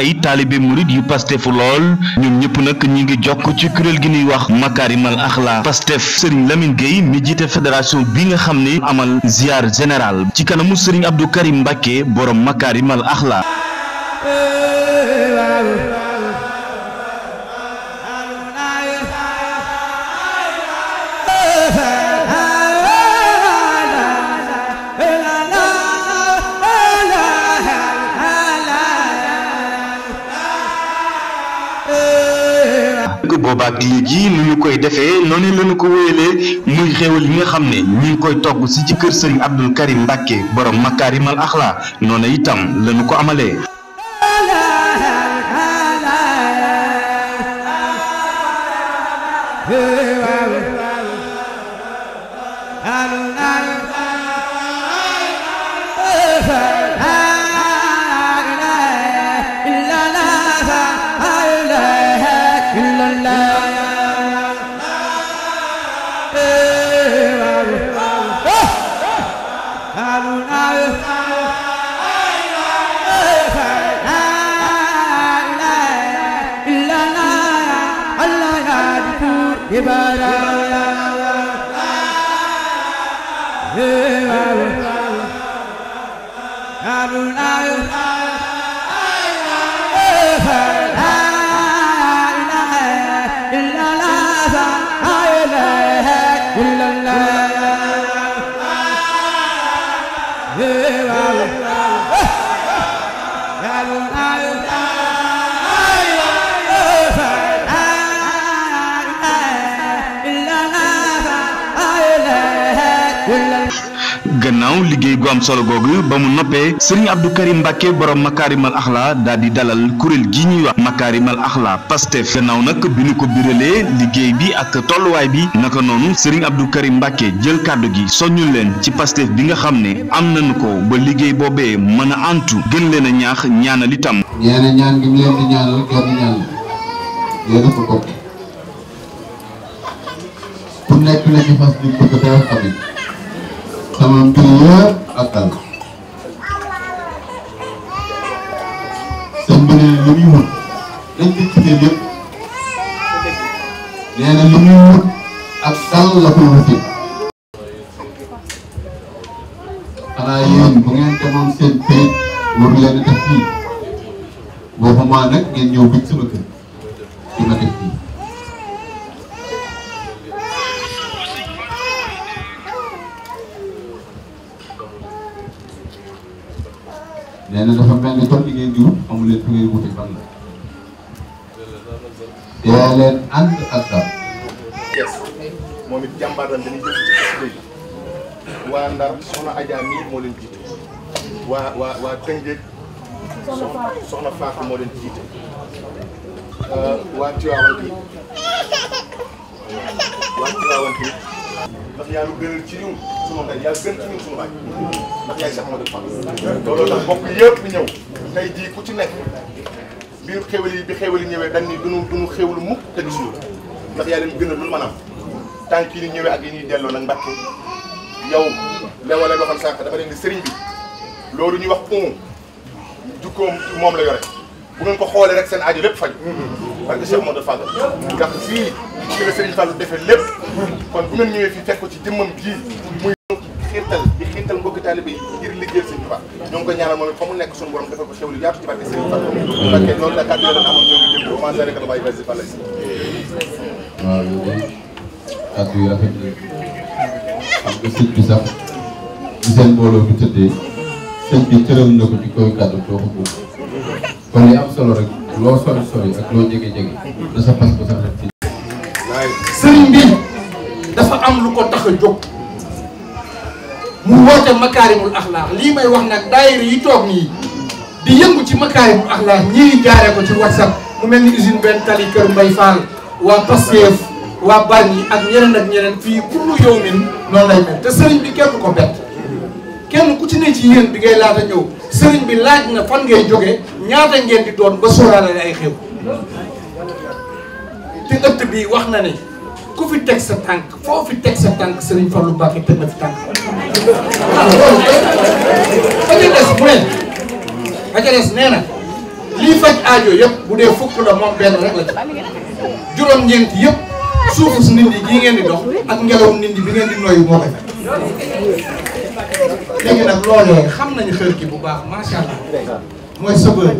ay taalibe murid yu pastefu lool ñoom ñëpp nag ñu ngi jokk ci kuréel gi nuy wax makarimal axla pastef sëriñ lamin géey mi jiite fédération bi nga xam ne amal ziar général ci kanamu sëriñ Abdou Karim Mbacke borom makarimal axla boobaak léegi nu ñu koy defee noonu lañu ko wéyalee muy xéewal yi nga xam ne ñu ngi koy togg si ci kër sëriñ Abdou Karim Mbacke borom Makarimal Akhla noonu itam lañu ko amalee ginnaaw liggéey gu am solo googu ba mu noppee sëriñ Abdou Karim Mbacke borom makaarimal axlaa daal di dalal kuréel gi ñuy wax makaarimal axlaa pastef gannaaw nag bi ñu ko biralee liggéey bi ak tolluwaay bi naka noonu sëriñ Abdou Karim Mbacke jël kàddu gi soññu leen ci pastef bi nga xam ne am nañu ko ba liggéey boobee mën a antu gën leen a ñaax ñaanal itam. ñaan ñaan sama mbir yëpp ak dal sëñ bi nee na li muy wut dañ ko gisee yëpp nee na li muy wut ak dal la koy wutee xanaa yéen bu ngeen demoon seen këyit war leen a def fii waxumaa nag ngeen ñëw biñ sama kër di ma def fii. nee na dafa mel ni tool yi ngeen di wut xamu ngeen wuti fan la. dee leen waa Ndar soxna Adja mii moo leen jiite waa waa waa Tëngéej soxna Faatu moo leen jiite euh, waa Tiwaawan waa Tiwaawan bi yaa lu gënal ci ñun. sunu ndey yaa gën ci ñun sunu baay ndax yaay ci bi xéwal yi bi xéwal yi ñëwee dañ ni duñu duñu xéwlu mukk te gisuñu ndax a lu maanaam tànk yi ni ñëwee ak yi ñuy delloo nag mbàkke yow léeg wala waxoon sànq dama di sëriñ bi loolu ñuy wax umu jukkoom moom la yore bu ngeen ko xoolee rek seen aajo lépp faj parce que Cheikh Modou Fall ndax fii kon bu ngeen ñëwee fii fekk ko ci jëmmam jii ko ñaanal moom fa mu nekk suñu borom defal ko xéwlu yaatu ci barke Serigne Fatou. parce yi xam nga sëñ bi sax ci seen bi tëddee sëñ ko ci koy kàddu doo ko góob kon am solo rek loo sori sori ak loo jege jege da sa pas ba sax rek ci. sëriñ bi dafa am lu ko tax a jóg. mu woote makaarimul axlaax lii may wax nag daayira yi toog nii di yëngu ci makaarimul axlaax ñii jaaree ko ci whatsapp mu mel ni usine benn tali kër Mbay Fall waa Pastef waa Bargny ak ñeneen ak ñeneen fii kullu yawmin noonu lay mel te sëriñ bi kenn ko bett kenn ku ci ne ci yéen bi ngay laata ñëw sëriñ bi laaj na fan ngay jógee ñaata ngeen di doon ba sóoraale ay xew te ëtt bi wax na ne ku fi teg sa tànk foo fi teg sa tànk Serigne Fallou Mbacké teg na fi tànk ah loolu dañuy des bu leen dañuy des nee na lii faj aajo yëpp bu dee fukk la moom benn rek la ci juróom-ñeent yëpp suufu si nit ñi ngeen di dox ak ngelaw nit ñi ngeen di noyyu moo koy fekk léegi nag loolee xam nañu xër ki bu baax macha allah mooy sëbër.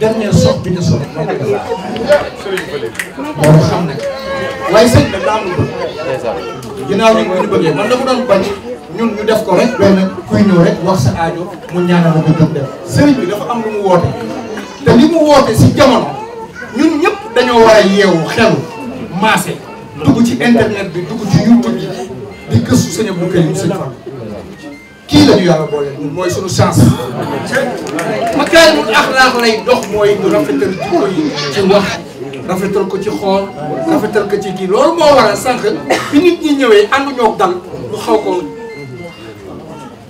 dernière sox bi ñu soxla moo nekk saa moo ko xam nag waaye sëñ bi daa mu bëgg. ginnaaw ñun bu ñu bëggee man dafa doon bañ ñun ñu def ko rek benn kuy ñëw rek wax sa aajo mu ñaanal ko gëm def. sëriñ bi dafa am lu mu woote te li mu woote si jamono ñun ñëpp dañoo war a yeewu xel maase dugg ci internet bi dugg ci YouTube bi di gëstu sëñ bu kër yi sëñ kii la ñu yàlla boole ñun mooy suñu chance makaarimul axlaaq lay dox mooy ñu rafetal jikko yi ci ko ci xool rafetal ko ci kii loolu moo waral sànq bi nit ñi ñëwee ànd ñoo dal mu xaw ko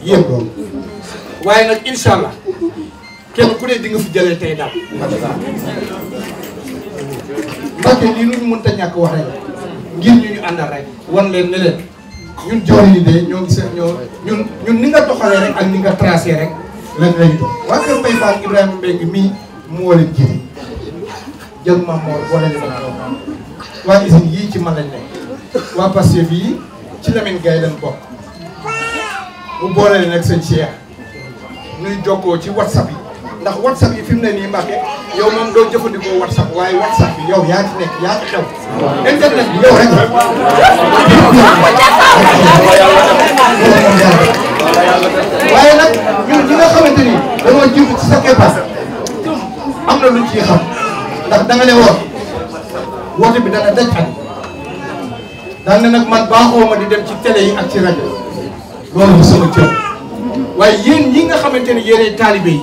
yéem waaye nag incha allah kenn ku ne di nga fi jëlee tey daal mbàkke lii lu ñu mënta ñàkk wax rek ngir ñu ñu àndal rek wan leen ne ñun jaww ji de ñoo ngi seen ñoo ñun ñun ni nga doxalee rek ak ni nga tracé rek lañ lay dox. waa kër Mbaye Fall Ibrahima Mbengue mii moo leen jëriñ jël Mame Mor boole leen ak Mame Mor waa usine yii ci man lañ nekk waa Pastef yii ci Lamine Gueye lañ bokk mu boole leen ak sëñ Cheikh ñuy jokkoo ci whatsapp yi ndax whatsapp yi fi mu ne nii Mbacke. yow moom doo jëfandikoo WhatsApp waaye WhatsApp bi yow yaa ci nekk yaa ci xew. internet bi yow rek la. waaye nag ñun ñi nga xamante ni dañoo jiitu ci sa am na luñ ciy xam ndax da nga ne woon bi dana daj at. daan na nag man baaxoo ma di dem ci télé yi ak ci rajo loolu nga xamante ni yéenay taalibe yi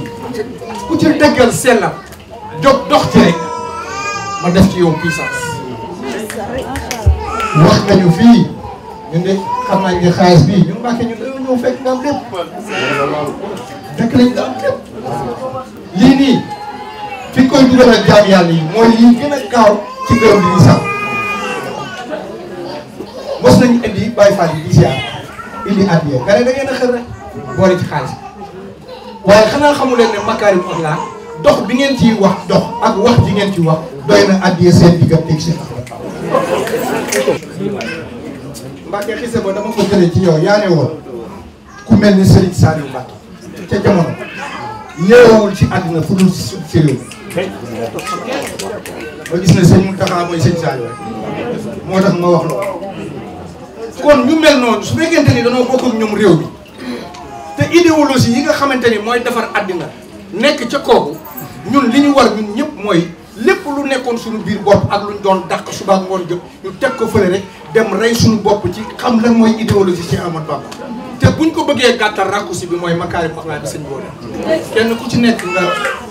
ku ci dëggal sellal. jóg dox ci rek ma def ci yow puissance wax nañu fii ñu ne xam nañ ne xaalis bii ñun Mbàkke ñu dañoo ñëw fekk nga fekk lañ nga am lépp lii nii fi koy dugal ak jaam yàlla yi mooy lii gën a gaaw ci gërëm li ñu sax mos nañu indi Baay Faal yi di ziar indi addiya nga ne da ngeen a xër rek boole ci xaalis waaye xanaa xamu leen ne makaarim axlaaq dox bi ngeen ci wax dox ak wax bi ngeen ci wax doy na àddiyee seen digganteeg seen Mbacke xise ba dama ko jëlee ci yow yaa ne woon ku mel ni Serigne Saliou Mbacke ca jamono ci àdduna fu dul si réew ba gis ne sëñ Mountakha mooy sëñ Saliou moo tax ma wax loolu kon ñu mel noonu su fekkente ni danoo bokk ak ñoom réew bi te idéologie yi nga xamante ni mooy defar àddina nekk ca kooku ñun li ñu war ñun ñëpp mooy lépp lu nekkoon suñu biir bopp ak lu ñu doon dàq suba ak ngoon jëpp ñu teg ko fële rek dem rey suñu bopp ci xam lan mooy idéologie ci Ahmad Bamba te buñ ko bëggee gàttal raccourci bi mooy makaari wax laa bi sëñ boole kenn ku ci nekk nga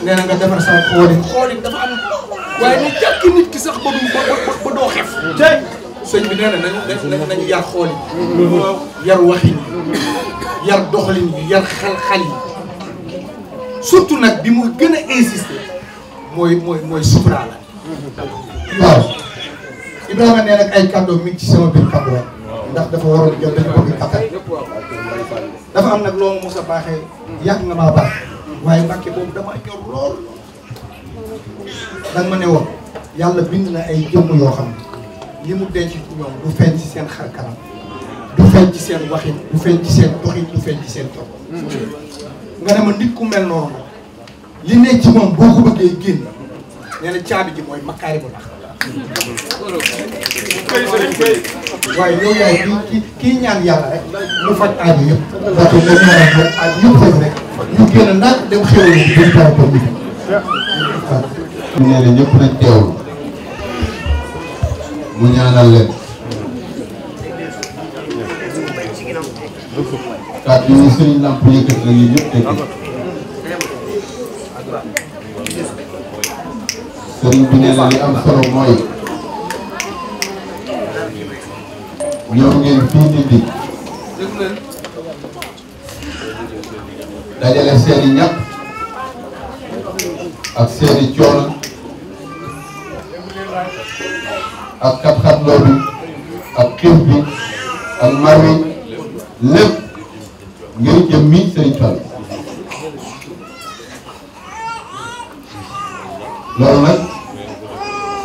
nee na nga defar sama xoolin xoolin dafa am waaye ñu jàkk nit ki sax ba du ba doo xef sëñ bi nee na nañu nañu yar xoolin yar waxin yar doxalin yi yar xal xal yi surtout nag bi mu gën a insister mooy mooy mooy la. waaw Ibrahima nee nag ay kàddoom mi ci sama biir kàddu ndax dafa waroon jël dañu bëgg kàttan dafa am nag loolu mos a baaxee yàgg nga maa baax waaye mbàkke boobu dama ñor lool danga ma ne woon yàlla bind na ay jëmm yoo xam ne li mu denc ci ñoom du feeñ ci seen xar kanam du feeñ ci seen waxin du feeñ ci seen doxin du feeñ ci seen topp nga ne ma nit ku mel noonu li ne ci moom boo ko bëggee génn nee caabi ji mooy makkaari bu lax waaye yow yaay kii kii ñaan yàlla rek mu faj aajo yëpp parce que dañu ñaan rek aajo yëpp faj rek ñu génn ndax dem xéwal yi na ñëpp kàddu yi sëriñ Lamp yëkkat na yéen ñëpp sëriñ bi nee na am solo mooy ñëw ngeen fii Ndindy dajale seeni ñàkk ak seeni coono ak xat-xatloo bi ak xiif bi ak mar Serigne Fall loolu nag bu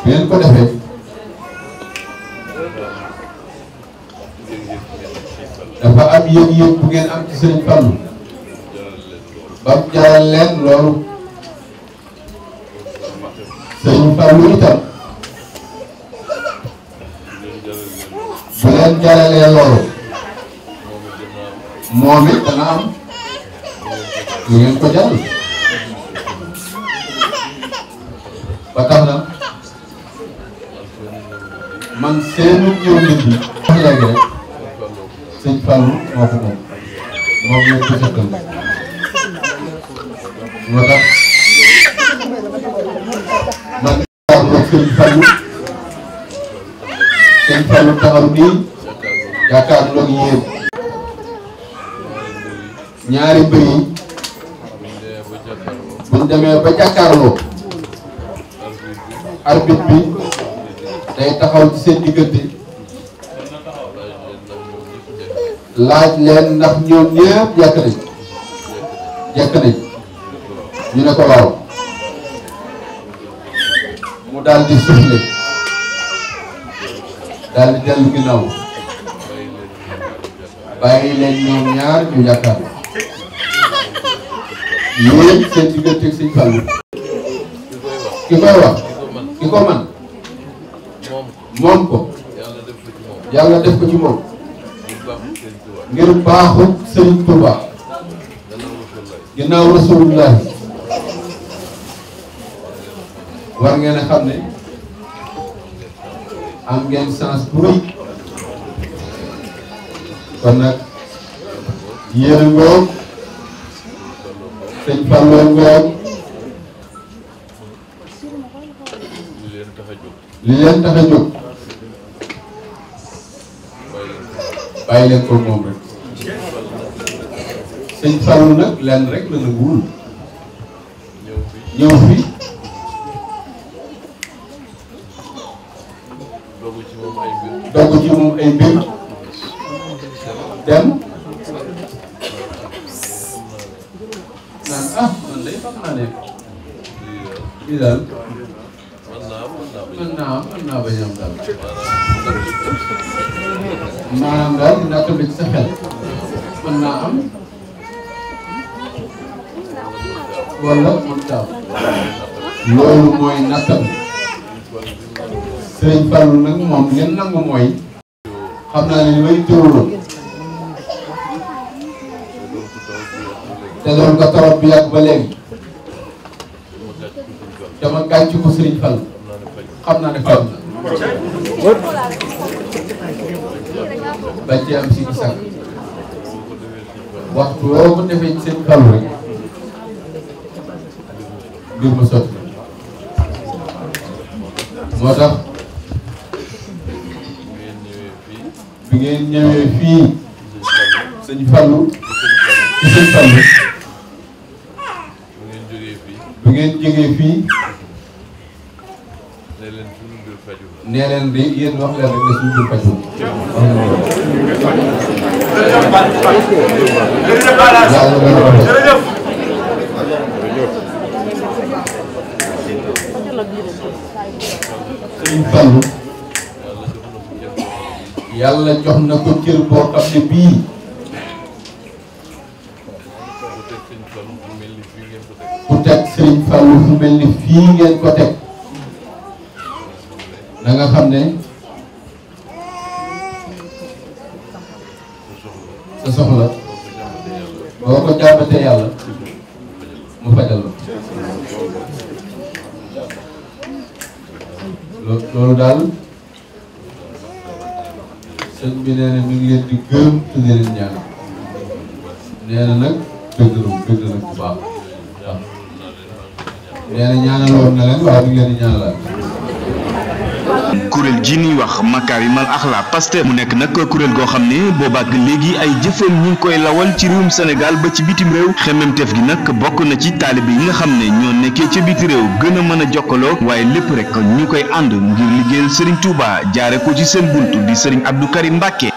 ngeen ko defee dafa am yëg-yëg bu ngeen am ci ba mu jaral leen loolu Serigne itam. lool ba tax na man seenu ñëw nit ñi wax léegi rek sëñ Fallou moo ko moom moom lañ ko seqal moo tax man wax ko sëñ Fallou sëñ Fallou taxaw nii yaakaar loog yéen ñaari mbir buñ demee ba jàkkaarloo arbitre bi day taxaw ci seen diggante laaj leen ndax ñoom ñëpp jekk nañ jekk nañ ñu ne ko waaw mu daal di soufflé daal di dellu ginnaaw bàyyi leen ñoom ñaar ñu jàkkaarloo ki koy wax ki ko man moom ko yàlla def ko ci moom ngir baaxu sëriñ Touba ginnaaw rasulullah war ngeen a xam ne am ngeen sens bu kon nag yéen a sëñ Fallou Ngom li leen tax a jóg bàyyi leen ko moom rek sëñ Fallou nag lenn rek la nanguwul ñëw fi daal naa am mën naa bañ a am daal maanaam daal dinaa toll ci sa xel naa am wala mënut a am loolu mooy nattam Sëriñ Fallu nag moom ngeen nangu mooy xam naa ne li may teewloo te doon ko tawat bi yàgg ba dama gàcc ko Serigne Fall xam naa ne faj na ba ci am waxtu woo ko defee ci seen Fall rek mbir ma moo tax bi ngeen ñëwee fii sëñ Fallu ci sëñ Fallu jógee fii nee leen di yéen jox na ko cër boo bii fu mel ni fii ngeen ko teg da nga xam ne sa soxla boo ko jàmbatee yàlla mu fajal la loolu daal sëñ bi nee na mi di gërëm te di ñaan nee nag dëgg la bu baax nee na ñaanaloon na leen waaye mu ngi leen di kuréel ji ñuy wax makaarimal axlaaq Pastef mu nekk nag kuréel goo xam ne boobaak léegi ay jëfan ñu ngi koy lawal ci réewum senegal ba ci bitim réew xemmemteef gi nag bokk na ci taalibe yi nga xam ne ñoo nekkee ca biti réew gën a mën a jokkaloo waaye lépp rek ñu koy ànd ngir liggéeyal Serigne Touba jaare ko ci seen bunt di Serigne Abdou Karim Mbacke